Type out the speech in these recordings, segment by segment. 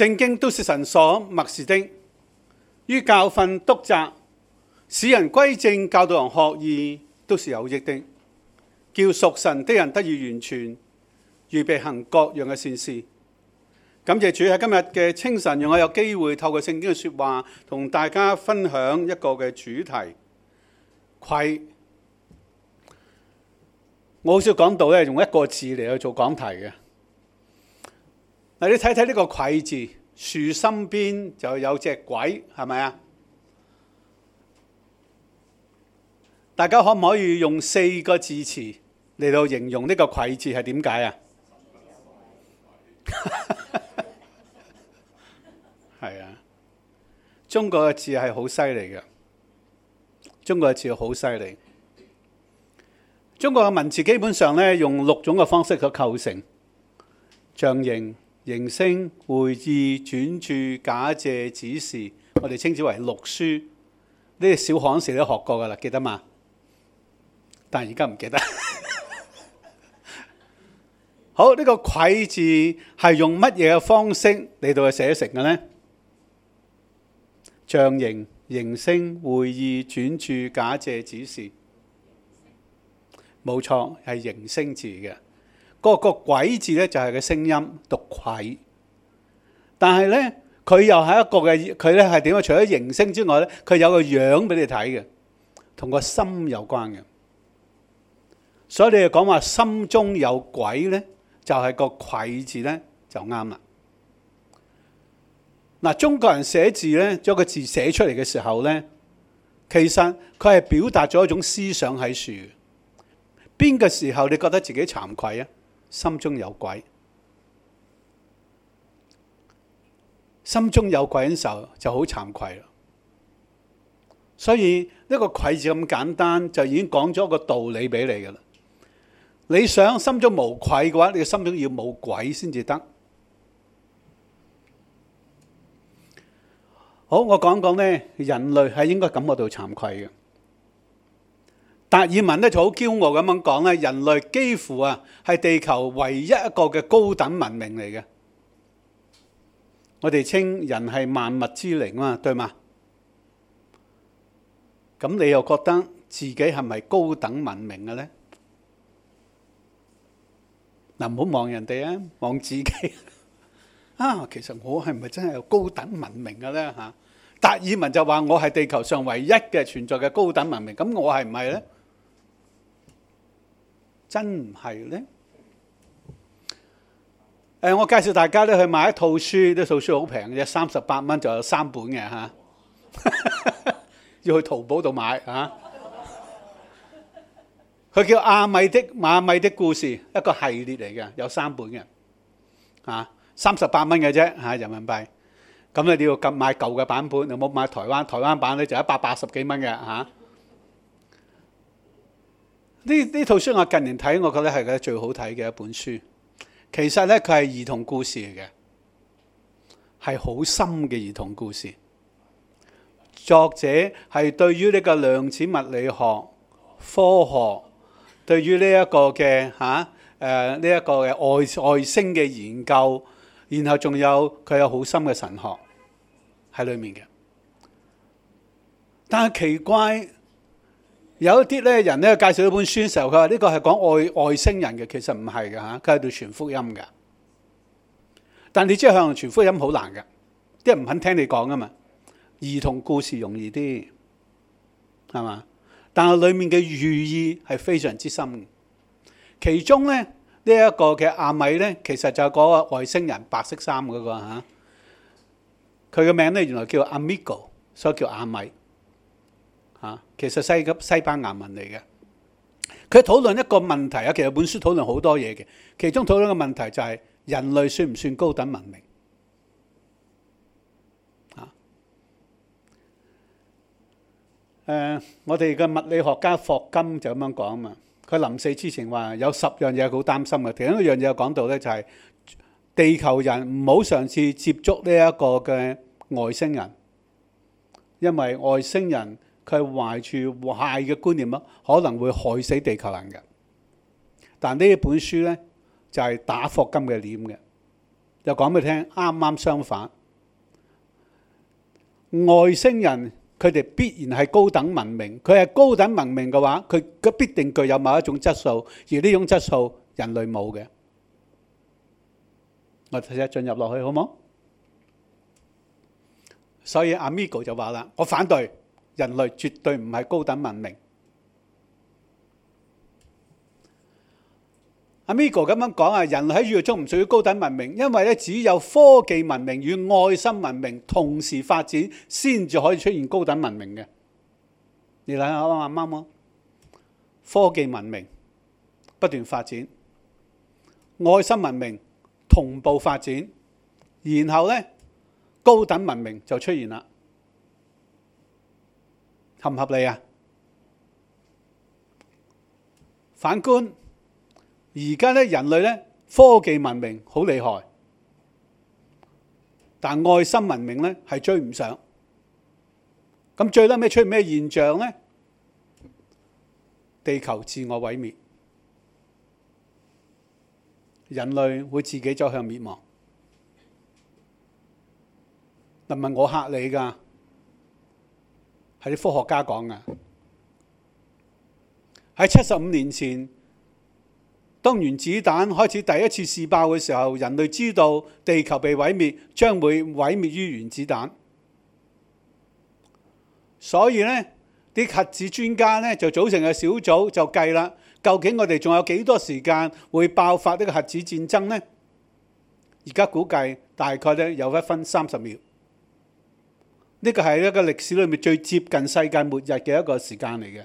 聖經都是神所默示的，於教訓、督責，使人歸正，教導人學義，都是有益的，叫屬神的人得以完全，預備行各樣嘅善事。感謝主喺今日嘅清晨，讓我有機會透過聖經嘅說話，同大家分享一個嘅主題——愧。我好少講道咧，用一個字嚟去做講題嘅。你睇睇呢個愧字，樹身邊就有隻鬼，係咪啊？大家可唔可以用四個字詞嚟到形容呢個愧字係點解啊？係 啊，中國嘅字係好犀利嘅，中國嘅字好犀利。中國嘅文字基本上呢，用六種嘅方式去構成象形、形聲、會意、轉注、假借、指示，我哋稱之為六書。呢啲小學時你都學過噶啦，記得嘛？但而家唔記得。好，呢個“愧”字係用乜嘢嘅方式嚟到去寫成嘅呢？象形、形聲、會意、轉注、假借、指示，冇、 這個、錯，係形聲字嘅。個個鬼字咧就係個聲音，讀愧。但係咧，佢又係一個嘅。佢咧係點樣？除咗形聲之外咧，佢有個樣俾你睇嘅，同個心有關嘅。所以你又講話心中有鬼咧，就係個愧字咧就啱啦。嗱，中國人寫字咧，將個字寫出嚟嘅時候咧，其實佢係表達咗一種思想喺樹。邊個時候你覺得自己慚愧啊？心中有鬼，心中有鬼嗰陣時候就好慚愧啦。所以呢、呢個愧字咁簡單，就已經講咗一個道理俾你㗎啦。你想心中無愧嘅話，你心中要冇鬼先至得。好，我講講呢：人類係應該感覺到慚愧嘅。達爾文呢就好驕傲咁樣講啊，人類幾乎啊係地球唯一一個嘅高等文明嚟嘅。我哋稱人係萬物之靈啊嘛，對嘛？咁你又覺得自己係咪高等文明嘅呢？嗱，唔好望人哋啊，望自己。啊，其實我係咪真係有高等文明嘅呢？吓，達爾文就話我係地球上唯一嘅存在嘅高等文明，咁我係唔係呢？真唔係咧？誒、呃，我介紹大家咧去買一套書，呢套書好平嘅，三十八蚊就有三本嘅吓，啊、 要去淘寶度買嚇。佢、啊、 叫《阿米的馬米的故事》，一個系列嚟嘅，有三本嘅。嚇、啊，三十八蚊嘅啫嚇，人民幣。咁你你要撳買舊嘅版本，你冇買台灣台灣版咧，就一百八十幾蚊嘅吓。呢呢套書我近年睇，我覺得係佢最好睇嘅一本書。其實咧，佢係兒童故事嚟嘅，係好深嘅兒童故事。作者係對於呢個量子物理學科學，對於呢一個嘅吓誒，呢一個嘅外外星嘅研究，然後仲有佢有好深嘅神學喺裏面嘅。但係奇怪。有一啲咧人咧介紹呢本書時候，佢話呢個係講外外星人嘅，其實唔係嘅吓，佢係對全福音嘅。但你知向全福音好難嘅，即係唔肯聽你講啊嘛。兒童故事容易啲，係嘛？但係裏面嘅寓意係非常之深。其中咧呢一、這個嘅阿米咧，其實就係嗰個外星人白色衫嗰、那個吓，佢、啊、嘅名咧原來叫 Amigo，所以叫阿米。啊，其實西西班牙文嚟嘅。佢討論一個問題啊，其實本書討論好多嘢嘅。其中討論嘅問題就係人類算唔算高等文明？啊，誒，我哋嘅物理學家霍金就咁樣講啊嘛。佢臨死之前話有十樣嘢好擔心嘅，其中一樣嘢講到呢就係地球人唔好嘗試接觸呢一個嘅外星人，因為外星人。佢係壞處壞嘅觀念咯，可能會害死地球人嘅。但呢一本書咧就係打霍金嘅臉嘅，就講俾你聽，啱啱相反。外星人佢哋必然係高等文明，佢係高等文明嘅話，佢佢必定具有某一種質素，而呢種質素人類冇嘅。我睇下進入落去好唔好？所以阿 Migo 就話啦，我反對。人類絕對唔係高等文明。阿 Miko 咁樣講啊，人類喺宇宙中唔屬於高等文明，因為咧只有科技文明與愛心文明同時發展，先至可以出現高等文明嘅。你睇下，啱啱啊，科技文明不斷發展，愛心文明同步發展，然後咧，高等文明就出現啦。合唔合理啊？反觀而家咧，人類咧科技文明好厲害，但愛心文明咧係追唔上。咁最屘咩出現咩現象咧？地球自我毀滅，人類會自己走向滅亡。唔係我嚇你噶。係啲科學家講嘅。喺七十五年前，當原子彈開始第一次試爆嘅時候，人類知道地球被毀滅將會毀滅於原子彈。所以呢啲核子專家呢，就組成個小組就計啦，究竟我哋仲有幾多時間會爆發呢個核子戰爭呢？而家估計大概呢有一分三十秒。呢個係一個歷史裏面最接近世界末日嘅一個時間嚟嘅，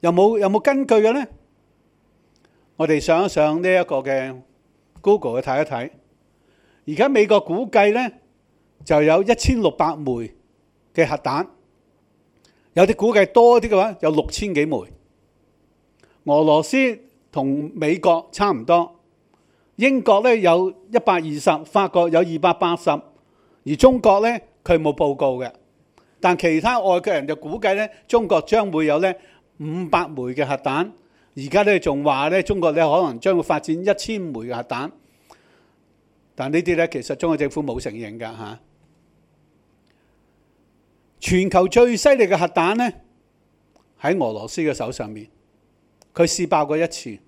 有冇有冇根據嘅咧？我哋上一上呢一個嘅 Google 去睇一睇，而家美國估計咧就有一千六百枚嘅核彈，有啲估計多一啲嘅話有六千幾枚。俄羅斯同美國差唔多，英國咧有一百二十，法國有二百八十。而中國呢，佢冇報告嘅。但其他外國人就估計呢，中國將會有呢五百枚嘅核彈。而家呢仲話呢，中國呢可能將會發展一千枚嘅核彈。但呢啲呢，其實中國政府冇承認㗎嚇、啊。全球最犀利嘅核彈呢，喺俄羅斯嘅手上面，佢試爆過一次。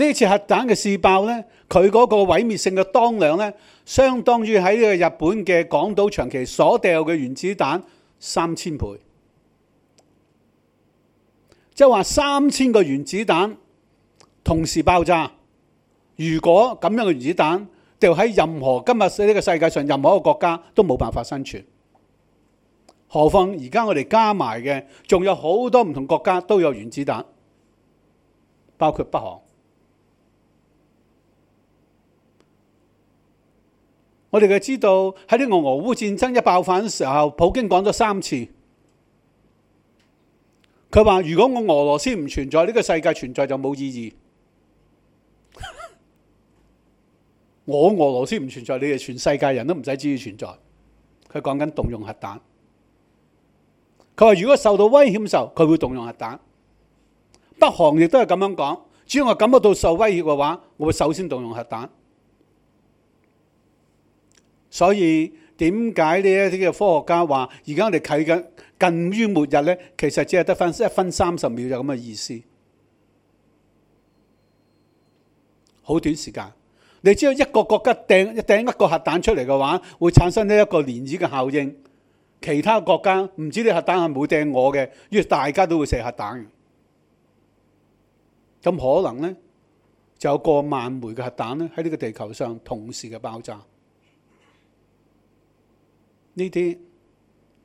呢次核彈嘅試爆呢，佢嗰個毀滅性嘅當量呢，相當於喺呢個日本嘅廣島長崎所掉嘅原子彈三千倍，即係話三千個原子彈同時爆炸。如果咁樣嘅原子彈掉喺任何今日呢個世界上任何一個國家，都冇辦法生存。何況而家我哋加埋嘅，仲有好多唔同國家都有原子彈，包括北韓。我哋就知道喺啲俄烏戰爭一爆發嘅時候，普京講咗三次，佢話：如果我俄羅斯唔存在，呢個世界存在就冇意義。我俄羅斯唔存在，你哋全世界人都唔使至於存在。佢講緊動用核彈，佢話如果受到威脅嘅時候，佢會動用核彈。北韓亦都係咁樣講，只要我感覺到受威脅嘅話，我會首先動用核彈。所以點解呢一啲嘅科學家話而家我哋睇緊近於末日咧？其實只係得翻一分三十秒就咁嘅意思，好短時間。你只有一個國家掟掟一個核彈出嚟嘅話，會產生呢一個漣漪嘅效應。其他國家唔知你核彈係冇掟我嘅，於是大家都會射核彈。咁可能咧就有過萬枚嘅核彈咧喺呢個地球上同時嘅爆炸。呢啲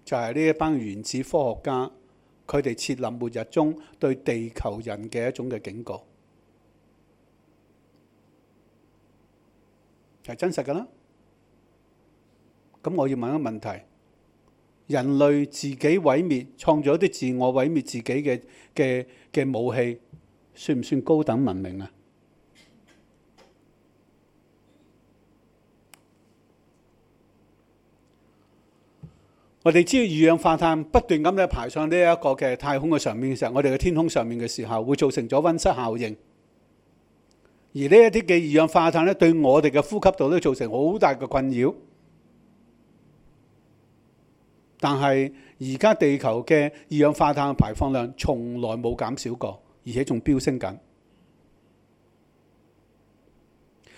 就係呢一班原子科學家佢哋設立末日中對地球人嘅一種嘅警告係、就是、真實㗎啦。咁我要問一個問題：人類自己毀滅，創造一啲自我毀滅自己嘅嘅嘅武器，算唔算高等文明啊？我哋知道二氧化碳不斷咁樣排放呢一個嘅太空嘅上面嘅時候，我哋嘅天空上面嘅時候會造成咗温室效應。而呢一啲嘅二氧化碳呢，對我哋嘅呼吸道都造成好大嘅困擾。但係而家地球嘅二氧化碳排放量從來冇減少過，而且仲飆升緊。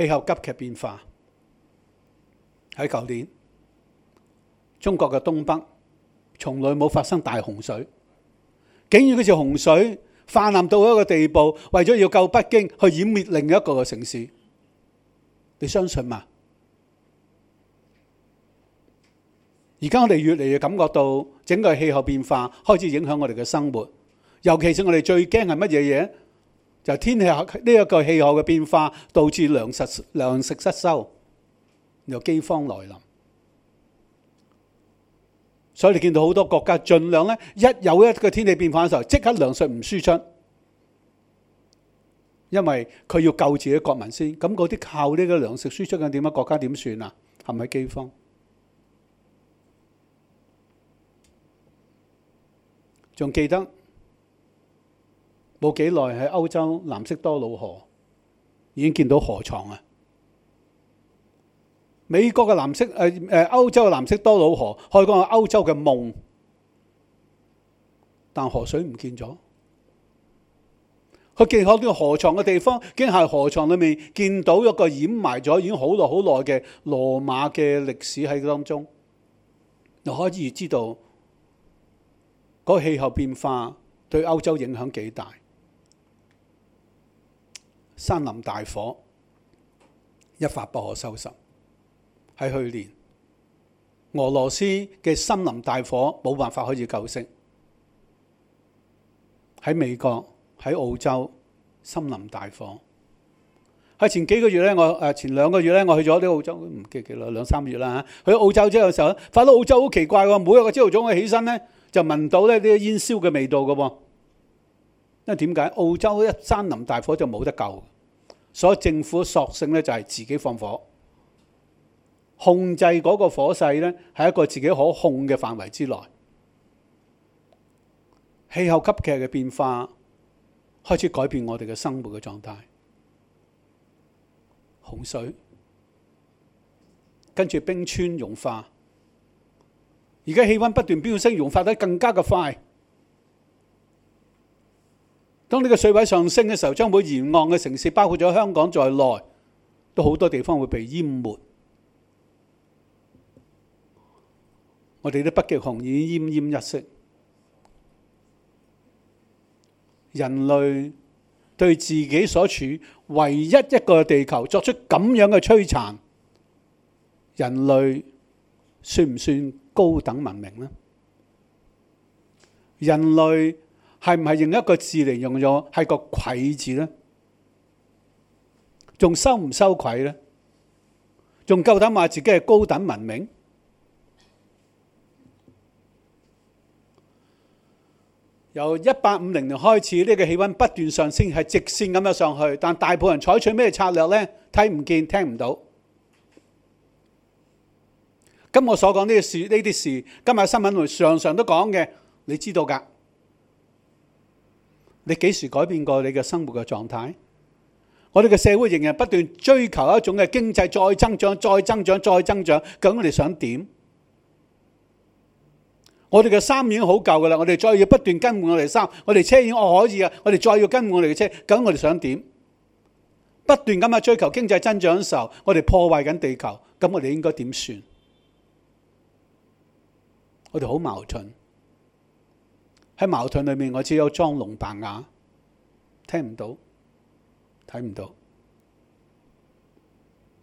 氣候急劇變化，喺舊年，中國嘅東北從來冇發生大洪水，竟然嗰條洪水泛濫到一個地步，為咗要救北京，去掩滅另一個嘅城市，你相信嘛？而家我哋越嚟越感覺到整個氣候變化開始影響我哋嘅生活，尤其是我哋最驚係乜嘢嘢？就天氣呢一個氣候嘅變化，導致糧食糧食失收，又饑荒來臨。所以你見到好多國家盡量呢，一有一個天氣變化嘅時候，即刻糧食唔輸出，因為佢要救自己國民先。咁嗰啲靠呢個糧食輸出嘅點樣國家點算啊？係咪饑荒？仲記得？冇幾耐喺歐洲藍色多瑙河已經見到河床啊！美國嘅藍色誒誒，歐洲嘅藍色多瑙河可以講係歐洲嘅夢，但河水唔見咗。佢見到啲河床嘅地方，竟係河床裏面見到一個掩埋咗，已經好耐好耐嘅羅馬嘅歷史喺當中，就可以知道嗰氣候變化對歐洲影響幾大。森林大火一發不可收拾。喺去年，俄羅斯嘅森林大火冇辦法開始救熄。喺美國、喺澳洲，森林大火喺前幾個月呢，我誒前兩個月呢，我去咗啲澳洲，唔記得啦，兩三個月啦嚇。去澳洲之後有時候發覺澳洲好奇怪喎，每日朝頭早我起身呢，就聞到呢啲煙燒嘅味道㗎喎。因為點解澳洲一山林大火就冇得救，所以政府索性咧就係自己放火，控制嗰個火勢咧係一個自己可控嘅範圍之內。氣候急劇嘅變化開始改變我哋嘅生活嘅狀態，洪水，跟住冰川融化，而家氣溫不斷飆升，融化得更加嘅快。當呢個水位上升嘅時候，將會沿岸嘅城市，包括咗香港在內，都好多地方會被淹沒。我哋啲北極熊已經奄奄一息，人類對自己所處唯一一個地球作出咁樣嘅摧殘，人類算唔算高等文明呢？人類？係唔係用一個字嚟形容咗係個愧字呢？仲羞唔羞愧呢？仲夠膽話自己係高等文明？由一八五零年開始，呢個氣溫不斷上升，係直線咁樣上去。但大部分人採取咩策略呢？睇唔見，聽唔到。噉我所講呢事，呢啲事，今日新聞常常都講嘅，你知道㗎。你幾時改變過你嘅生活嘅狀態？我哋嘅社會仍然不斷追求一種嘅經濟再增長、再增長、再增長。究竟我哋想點？我哋嘅衫已經好舊㗎喇，我哋再要不斷更換我哋衫。我哋車已經我可以啊，我哋再要更換我哋嘅車。究竟我哋想點？不斷咁去追求經濟增長嘅時候，我哋破壞緊地球。咁我哋應該點算？我哋好矛盾。喺矛盾裏面，我只有裝聾扮啞，聽唔到，睇唔到。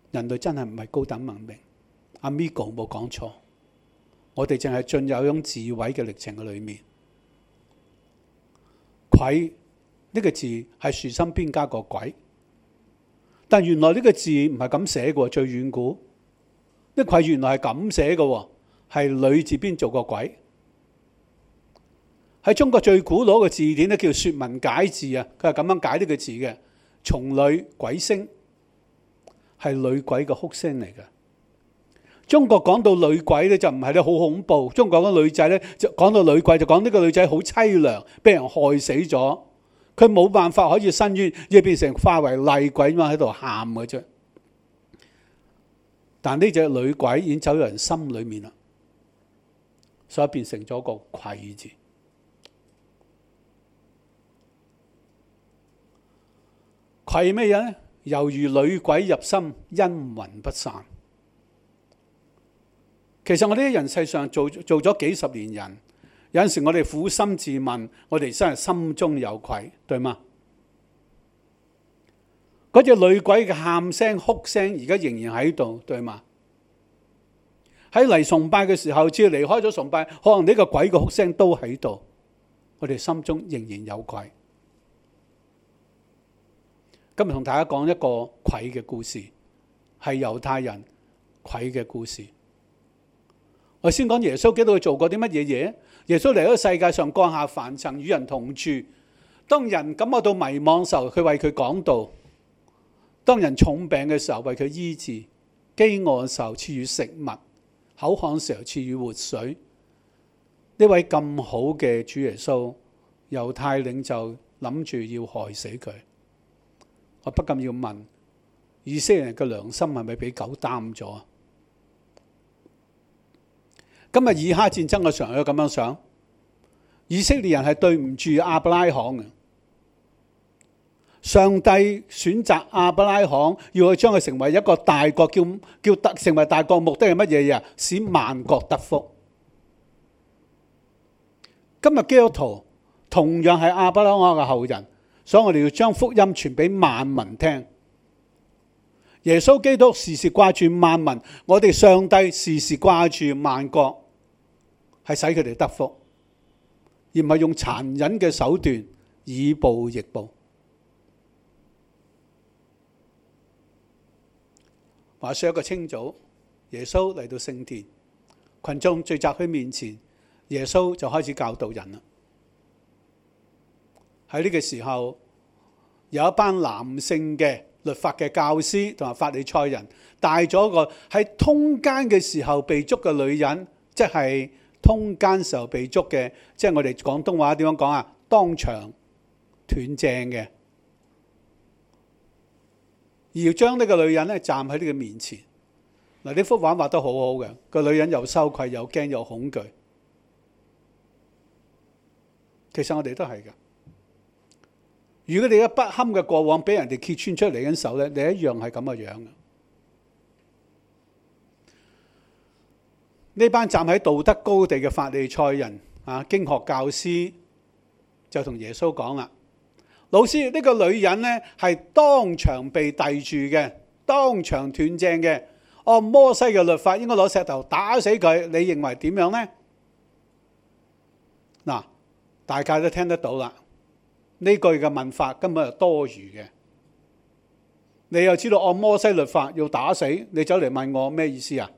人類真係唔係高等文明。阿 Migo 冇講錯，我哋淨係進入一種智慧嘅歷程嘅裏面。愧呢、這個字係豎心邊加個鬼，但原來呢個字唔係咁寫喎。最遠古呢愧、這個、原來係咁寫喎，係女字邊做個鬼。喺中國最古老嘅字典咧，叫《説文解字》啊，佢係咁樣解呢個字嘅。從女鬼聲係女鬼嘅哭聲嚟嘅。中國講到女鬼咧，就唔係好恐怖。中國講女仔咧，就講到女鬼就講呢個女仔好淒涼，俾人害死咗，佢冇辦法可以伸冤，亦變成化為厲鬼嘛喺度喊嘅啫。但呢隻女鬼已經走入人心裏面啦，所以變成咗個愧字。愧咩嘢咧？猶如女鬼入心，陰魂不散。其實我哋喺人世上做做咗幾十年人，有陣時我哋苦心自問，我哋真係心中有愧，對嗎？嗰隻女鬼嘅喊聲、哭聲，而家仍然喺度，對嗎？喺嚟崇拜嘅時候，只要離開咗崇拜，可能呢個鬼嘅哭聲都喺度，我哋心中仍然有愧。今日同大家講一個愧嘅故事，係猶太人愧嘅故事。我先講耶穌基督佢做過啲乜嘢嘢？耶穌嚟到世界上降下凡塵，與人同住。當人感覺到迷茫嘅時候，佢為佢講道；當人重病嘅時候，為佢醫治；飢餓嘅時候賜予食物；口渴嘅時候賜予活水。呢位咁好嘅主耶穌，猶太領袖諗住要害死佢。我不禁要問：以色列人嘅良心係咪俾狗擔咗啊？今日以哈戰爭嘅時候，我咁樣想：以色列人係對唔住亞伯拉罕嘅。上帝選擇亞伯拉罕，要去將佢成為一個大國，叫叫得成為大國，目的係乜嘢呀？使萬國得福。今日基督徒同樣係亞伯拉罕嘅後人。所以我哋要將福音傳俾萬民聽。耶穌基督時時掛住萬民，我哋上帝時時掛住萬國，係使佢哋得福，而唔係用殘忍嘅手段以暴易暴。話說一個清早，耶穌嚟到聖殿，群眾聚集喺面前，耶穌就開始教導人啦。喺呢個時候，有一班男性嘅律法嘅教師同埋法理賽人帶咗個喺通奸嘅時候被捉嘅女人，即係通奸時候被捉嘅，即係我哋廣東話點樣講啊？當場斷正嘅，而要將呢個女人咧站喺呢個面前。嗱，呢幅畫畫得好好嘅，個女人又羞愧又驚又恐懼。其實我哋都係嘅。如果你嘅不堪嘅過往俾人哋揭穿出嚟嘅時候呢，你一樣係咁嘅樣。呢班站喺道德高地嘅法利賽人啊，經學教師就同耶穌講啦：老師呢、呢個女人呢，係當場被逮住嘅，當場斷正嘅。按、哦、摩西嘅律法應該攞石頭打死佢，你認為點樣呢？嗱，大家都聽得到啦。呢句嘅問法根本就多餘嘅，你又知道按《摩西律法》要打死你，走嚟問我咩意思啊？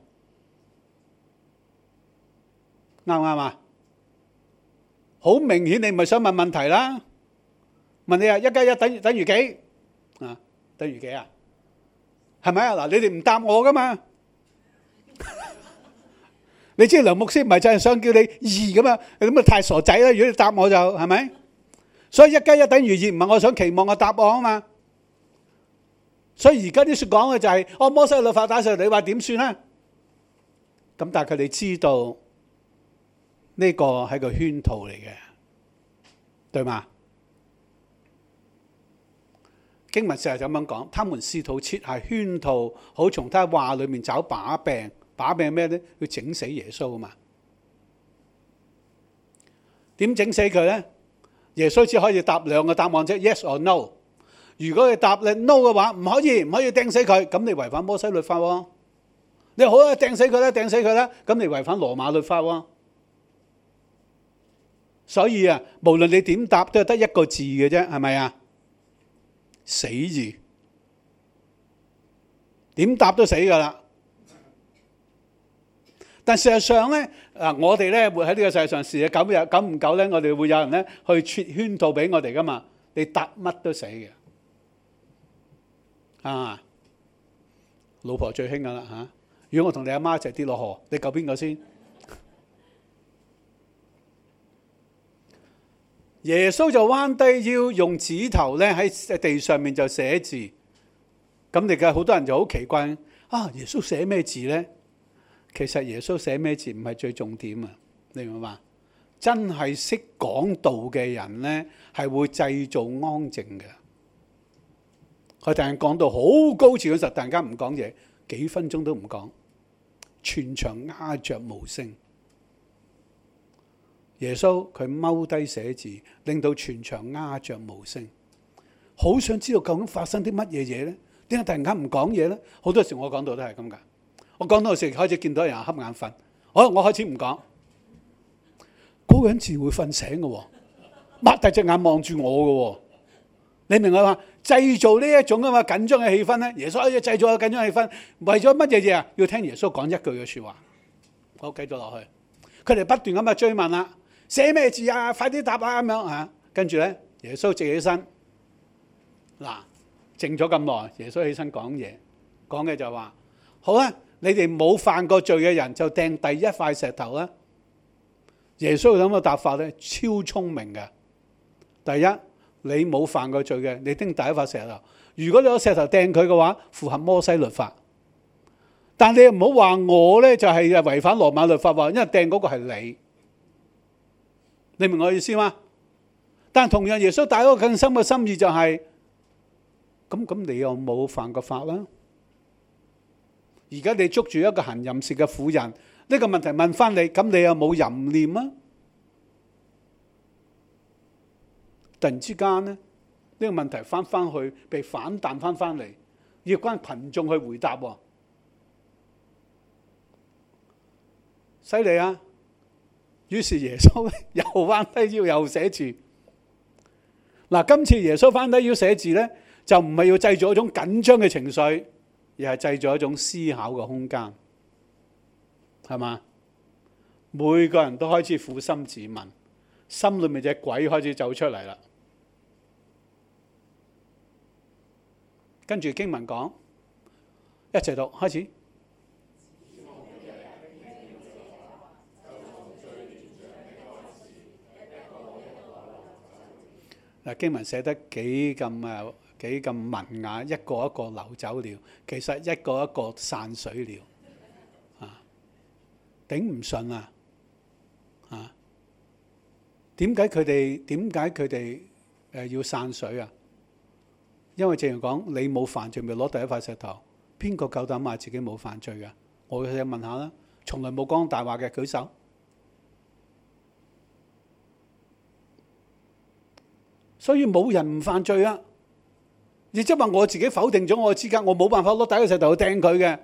啱唔啱啊？好明顯，你唔係想問問題啦？問你啊，一加一等於等於幾啊？等於幾啊？係咪啊？嗱，你哋唔答我噶嘛？ 你知梁牧斯梁牧師唔係真係想叫你二噶嘛咁啊？你點解太傻仔啦？如果你答我就係咪？所以一加一等於二唔係我想期望嘅答案啊嘛！所以而家啲說講嘅就係，我摩西律法打上嚟，你話點算咧？咁但係佢哋知道呢個係個圈套嚟嘅，對嘛？經文成日咁樣講，他們試圖設下圈套，好從他話裏面找把柄。把柄係咩咧？要整死耶穌啊嘛？點整死佢咧？耶穌只可以答兩個答案啫，yes or no。如果佢答你 no 嘅話，唔可以，唔可以釘死佢，咁你違反摩西律法喎。你好啊，釘死佢啦，釘死佢啦，咁你違反羅馬律法喎。所以啊，無論你點答都係得一個字嘅啫，係咪啊？死字，點答都死㗎喇。但事實上咧，嗱、啊、我哋咧活喺呢個世界上，時日久日久唔久咧，我哋會有人咧去設圈套俾我哋噶嘛？你答乜都死嘅啊！老婆最興噶啦嚇！如果我同你阿媽一齊跌落河，你救邊個先？耶穌就彎低腰，用指頭咧喺地上面就寫字。咁你嘅好多人就好奇怪啊！耶穌寫咩字咧？其實耶穌寫咩字唔係最重點啊，你明嘛？真係識講道嘅人呢，係會製造安靜嘅。佢突然講到好高潮嗰時，突然間唔講嘢，幾分鐘都唔講，全場鴉雀無聲。耶穌佢踎低寫字，令到全場鴉雀無聲。好想知道究竟發生啲乜嘢嘢呢？點解突然間唔講嘢呢？好多時我講道都係咁噶。我講到時，開始見到人瞌眼瞓，我、哦、我開始唔講，嗰 個人自會瞓醒嘅、哦，擘大隻眼望住我嘅、哦，你明唔明嘛？製造呢一種啊嘛緊張嘅氣氛咧，耶穌啊製造緊張氣氛，為咗乜嘢嘢啊？要聽耶穌講一句嘅說話，好，繼續落去，佢哋不斷咁啊追問啦，寫咩字啊？快啲答啊！咁樣吓，跟住咧，耶穌直起身，嗱，靜咗咁耐，耶穌起身講嘢，講嘅就話好啊。你哋冇犯過罪嘅人就掟第一塊石頭啦。耶穌有冇答法咧？超聰明嘅。第一，你冇犯過罪嘅，你掟第一塊石頭。如果你攞石頭掟佢嘅話，符合摩西律法。但你又唔好話我咧，就係違反羅馬律法喎，因為掟嗰個係你。你明我意思嗎？但係同樣，耶穌帶咗個更深嘅心意就係，咁咁你又冇犯過法啦。而家你捉住一個行淫時嘅婦人，呢、這個問題問翻你，咁你有冇淫念啊？突然之間咧，呢、這個問題翻翻去，被反彈翻翻嚟，要關群眾去回答，犀利啊！於是耶穌又彎低腰又寫字。嗱，今次耶穌彎低腰寫字呢，就唔係要製造一種緊張嘅情緒。又係製造一種思考嘅空間，係嘛？每個人都開始苦心自問，心裏面隻鬼開始走出嚟啦。跟住經文講，一齊讀，開始。嗱，經文寫得幾咁啊？幾咁文雅，一個一個流走了，其實一個一個散水了啊！頂唔順啊！啊！點解佢哋點解佢哋誒要散水啊？因為正如講，你冇犯罪咪攞第一塊石頭，邊個夠膽話自己冇犯罪㗎？我想問下啦，從來冇講大話嘅，舉手，所以冇人唔犯罪啊！亦即係話我自己否定咗我嘅資格，我冇辦法攞第一個石頭去掟佢嘅。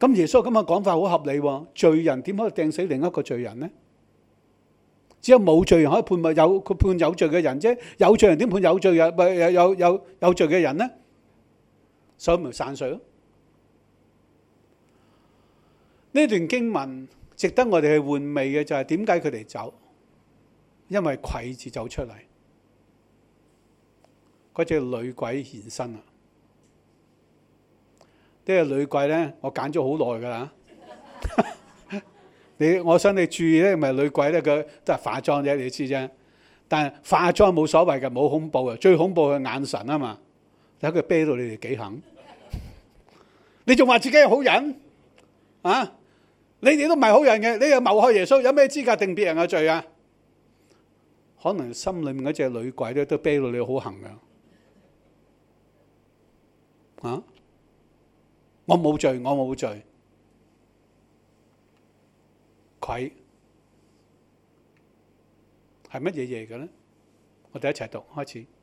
咁耶穌今日講法好合理喎，罪人點可以掟死另一個罪人呢？只有冇罪人可以判有判有罪嘅人啫，有罪人點判有罪人？咪有有有有罪嘅人呢？所以咪散水咯。呢段經文值得我哋去玩味嘅就係點解佢哋走？因為愧疚走出嚟。嗰隻女鬼現身啊，呢隻女鬼咧，我揀咗好耐噶啦。 你我想你注意咧，咪女鬼咧，佢都係化妝啫，你知啫。但係化妝冇所謂嘅，冇恐怖嘅，最恐怖嘅眼神啊嘛！你睇佢啤到你哋幾狠，你仲話自己係好人啊？你哋都唔係好人嘅，你又謀害耶穌，有咩資格定別人嘅罪啊？可能心裏面嗰隻女鬼咧，都啤到你好狠噶！啊！我冇罪，我冇罪，愧係乜嘢嚟嘅咧？我哋一齊，讀開始。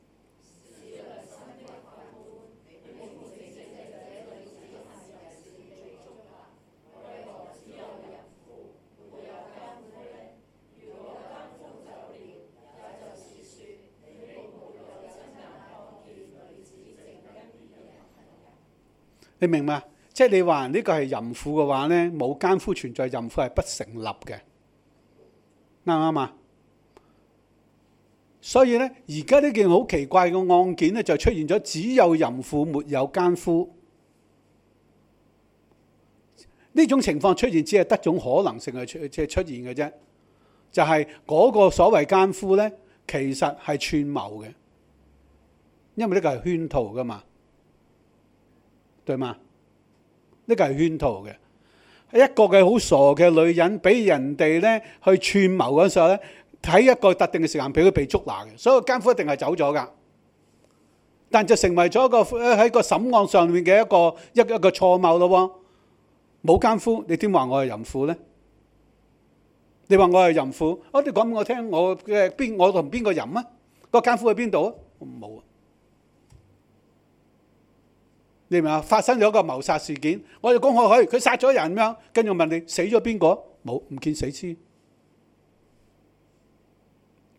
你明嘛？即係你話呢個係淫婦嘅話呢，冇奸夫存在，淫婦係不成立嘅，啱唔啱啊？所以呢，而家呢件好奇怪嘅案件呢，就出現咗只有淫婦沒有奸夫呢種情況出現，只係得種可能性係出出現嘅啫。就係、是、嗰個所謂奸夫呢，其實係串謀嘅，因為呢個係圈套噶嘛。對嘛？呢個係圈套嘅，一個嘅好傻嘅女人俾人哋咧去串謀嗰時候咧，喺一個特定嘅時間俾佢被捉拿嘅，所以奸夫一定係走咗噶。但就成為咗一個喺個審案上面嘅一個一一個錯誤咯喎。冇奸夫，你點話我係淫婦咧？你話我係淫婦，我你講俾我聽，我嘅邊我同邊個人啊？個奸夫喺邊度啊？我冇啊！你明嘛？發生咗個謀殺事件，我哋公開去，佢殺咗人咁樣，跟住問你死咗邊個？冇，唔見死屍，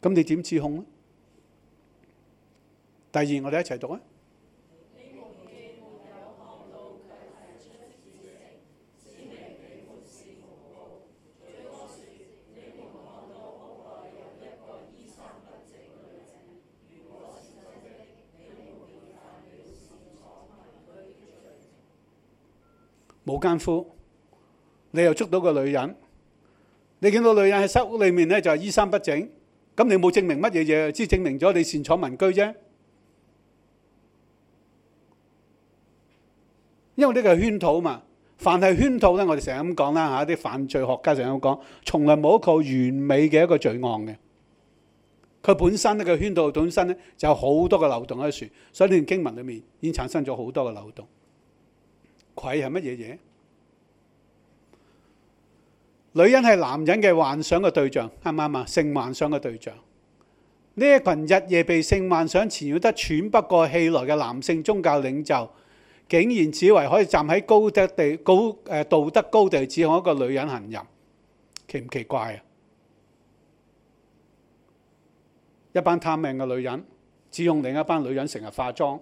咁你點指控咧？第二，我哋一齊讀啊！冇奸夫，你又捉到個女人，你見到女人喺屋裏面呢，就係衣衫不整，咁你冇證明乜嘢嘢，只證明咗你擅闖民居啫。因為呢個係圈套嘛，凡係圈套呢，我哋成日咁講啦吓，啲、啊、犯罪學家成日咁講，從來冇一個完美嘅一個罪案嘅，佢本身呢個圈套本身呢，就有好多嘅漏洞喺度。所以呢段經文裏面已經產生咗好多嘅漏洞。愧係乜嘢嘢？女人係男人嘅幻想嘅對象，啱唔啱啊？性幻想嘅對象，呢一群日夜被性幻想纏繞得喘不過氣來嘅男性宗教領袖，竟然只為可以站喺高德地高誒道德高地，指控一個女人行淫，奇唔奇怪啊？一班貪命嘅女人，指控另一班女人成日化妝。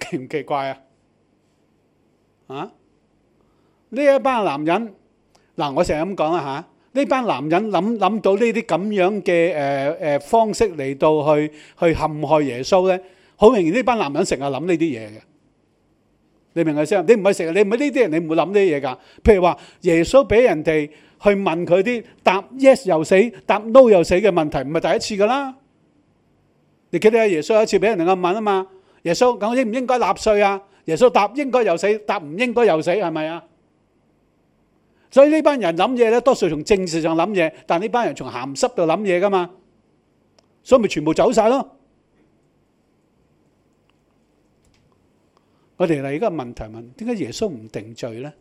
奇唔奇怪啊？啊！呢一班男人嗱，我成日咁講啦吓，呢班男人諗諗到呢啲咁樣嘅誒誒方式嚟到去去陷害耶穌咧，好明顯呢班男人成日諗呢啲嘢嘅。你明唔明先？你唔係成日，你唔係呢啲人，你唔會諗呢啲嘢噶。譬如話，耶穌俾人哋去問佢啲答 yes 又死、答 no 又死嘅問題，唔係第一次噶啦。你記得阿耶穌有一次俾人哋咁問啊嘛。耶穌講，應唔應該納稅啊？耶穌答應該又死，答唔應該又死，係咪啊？所以呢班人諗嘢咧，多數從政治上諗嘢，但呢班人從鹹濕度諗嘢噶嘛，所以咪全部走晒咯。我哋嚟呢個問題問，點解耶穌唔定罪咧？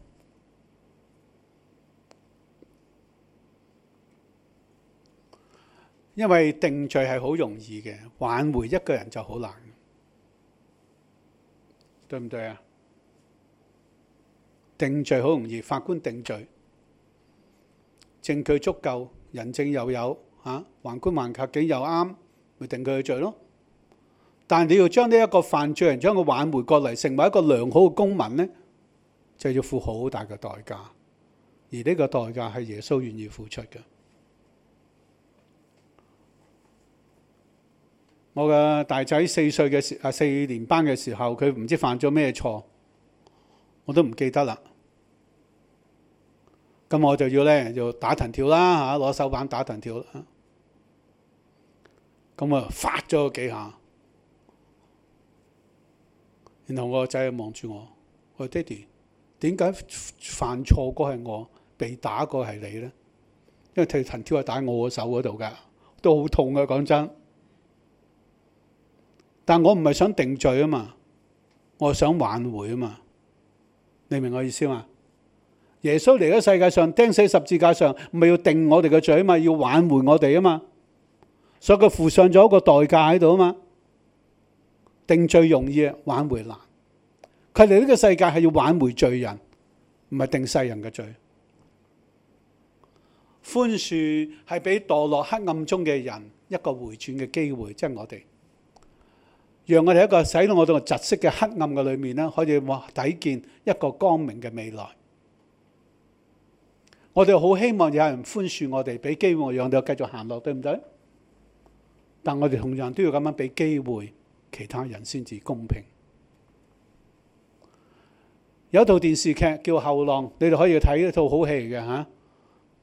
因為定罪係好容易嘅，挽回一個人就好難。對唔對啊？定罪好容易，法官定罪，證據足夠，人證又有，吓、啊，環觀、環境又啱，咪定佢嘅罪咯。但你要將呢一個犯罪人將佢挽回過嚟，成為一個良好嘅公民呢，就要付好大嘅代價，而呢個代價係耶穌願意付出嘅。.我嘅大仔四歲嘅時，啊四年班嘅時候，佢唔知犯咗咩錯，我都唔記得啦。咁我就要呢，就打藤條啦，攞、啊、手板打藤條。咁啊，啊，發咗幾下。然後我個仔啊望住我，喂爹哋，點解犯錯嗰係我，被打嗰係你呢？」因為條藤條係打我手嗰度噶，都好痛嘅，講真。但我唔係想定罪啊嘛，我係想挽回啊嘛，你明我意思嘛？耶穌嚟咗世界上，釘死十字架上，唔係要定我哋嘅罪啊嘛，要挽回我哋啊嘛，所以佢付上咗一個代價喺度啊嘛。定罪容易啊，挽回難。佢嚟呢個世界係要挽回罪人，唔係定世人嘅罪。寬恕係俾墮落黑暗中嘅人一個回轉嘅機會，即係我哋。讓我哋一個使到我哋嘅窒息嘅黑暗嘅裏面咧，可以話睇見一個光明嘅未來。我哋好希望有人寬恕我哋，俾機會我哋繼續行落，對唔對？但係我哋同樣都要咁樣俾機會其他人，先至公平。有一套電視劇叫《後浪》，你哋可以睇一套好戲嘅吓。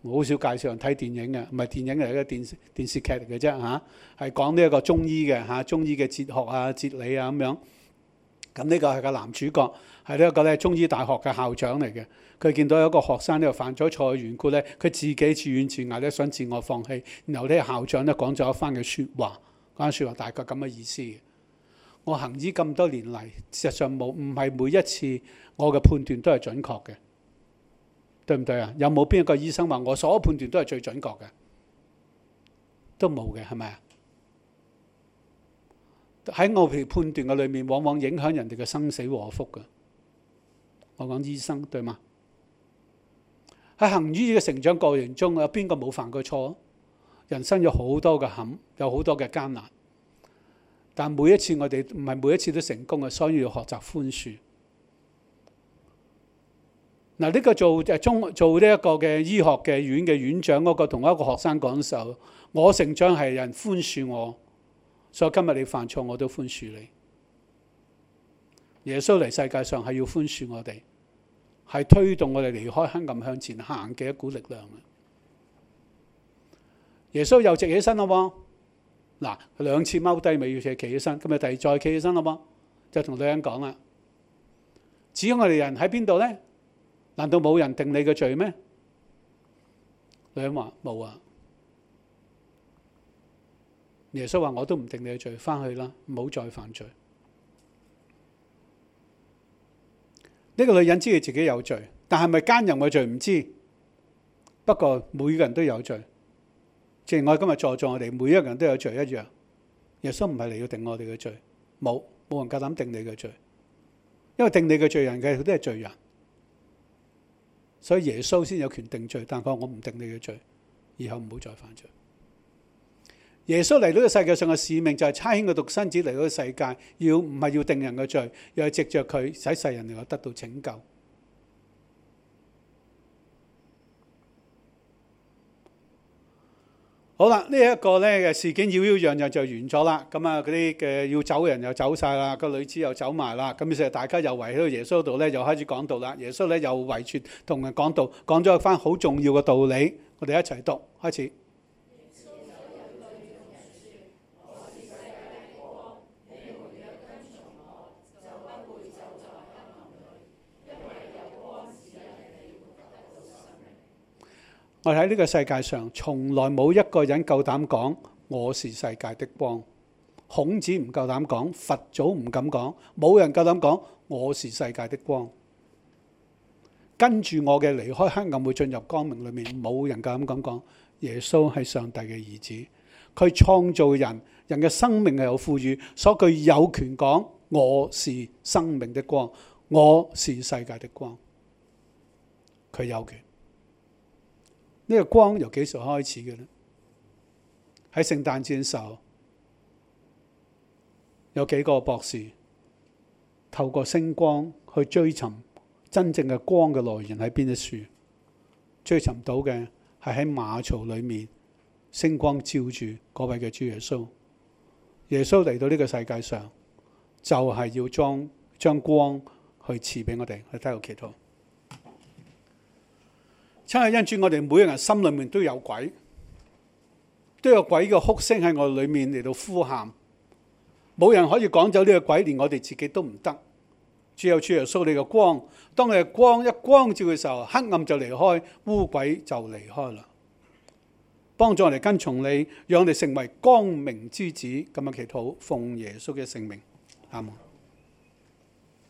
我好少介紹人睇電影嘅，唔係電影嚟嘅，電視電視劇嚟嘅啫吓，係講呢一個中醫嘅吓、啊，中醫嘅哲學啊、哲理啊咁樣。咁呢個係個男主角，係呢一個咧中醫大學嘅校長嚟嘅。佢見到有一個學生呢度犯咗錯嘅緣故咧，佢自己自怨自艾咧想自我放棄，然後呢個校長咧講咗一番嘅説話，嗰番説話大概咁嘅意思。我行醫咁多年嚟，事實上冇唔係每一次我嘅判斷都係準確嘅。對唔對啊？有冇邊一個醫生話我所有判斷都係最準確嘅？都冇嘅係咪？喺我哋判斷嘅裏面，往往影響人哋嘅生死禍福嘅。我講醫生，對嗎？喺行醫嘅成長過程中，有邊個冇犯過錯？人生有好多嘅坎，有好多嘅艱難。但每一次我哋唔係每一次都成功嘅，所以要學習寬恕。嗱，呢個做誒中做呢一個嘅醫學嘅院嘅院長嗰個，同一個學生講，首我成長係人寬恕我，所以今日你犯錯我都寬恕你。耶穌嚟世界上係要寬恕我哋，係推動我哋離開黑暗向前行嘅一股力量。耶穌又直起身啦喎，嗱，兩次踎低咪要佢企起身，今日第二再企起身啦喎，就同女人講啦。至於我哋人喺邊度咧？難道冇人定你嘅罪咩？女人話冇啊。耶穌話，我都唔定你嘅罪，返去啦，唔好再犯罪。呢個女人知道自己有罪，但係咪奸淫嘅罪唔知。不過每個人都有罪。正如我哋今日在座，每一個人都有罪一樣。耶穌唔係嚟要定我哋嘅罪，冇，冇人夠膽定你嘅罪，因為定你嘅罪人嘅佢都係罪人。所以耶穌先有權定罪，但係我唔定你嘅罪，以後唔好再犯罪。耶穌嚟到個世界上嘅使命就係差遣個獨生子嚟到世界，要唔係要定人嘅罪，而係藉著佢使世人能夠得到拯救。好啦，呢、這、一個咧嘅事件，幺幺樣樣就完咗啦。咁、嗯、啊，嗰啲嘅要走嘅人又走晒啦，個女子又走埋啦。咁於是大家又圍喺度耶穌度咧，又開始講道啦。耶穌咧又圍住同佢講道，講咗一番好重要嘅道理。我哋一齊讀，開始。我哋喺呢個世界上，從來冇一個人夠膽講我是世界的光。孔子唔夠膽講，佛祖唔敢講，冇人夠膽講我是世界的光。跟住我嘅離開黑暗，會進入光明裏面。冇人夠膽咁講，耶穌係上帝嘅兒子，佢創造人，人嘅生命係有富裕，所以佢有權講我是生命的光，我是世界的光，佢有權。呢個光由幾時開始嘅咧？喺聖誕節嘅時候，有幾個博士透過星光去追尋真正嘅光嘅來源喺邊一處？追尋到嘅係喺馬槽裏面，星光照住嗰位嘅主耶穌。耶穌嚟到呢個世界上，就係、是、要將將光去賜俾我哋。去低頭祈禱。親愛恩主，我哋每個人心裏面都有鬼，都有鬼嘅哭聲喺我裏面嚟到呼喊，冇人可以趕走呢個鬼，連我哋自己都唔得。主有主耶穌，你嘅光，當你嘅光一光照嘅時候，黑暗就離開，污鬼就離開啦。幫助我哋跟從你，讓我哋成為光明之子。咁啊，祈禱，奉耶穌嘅聖名。阿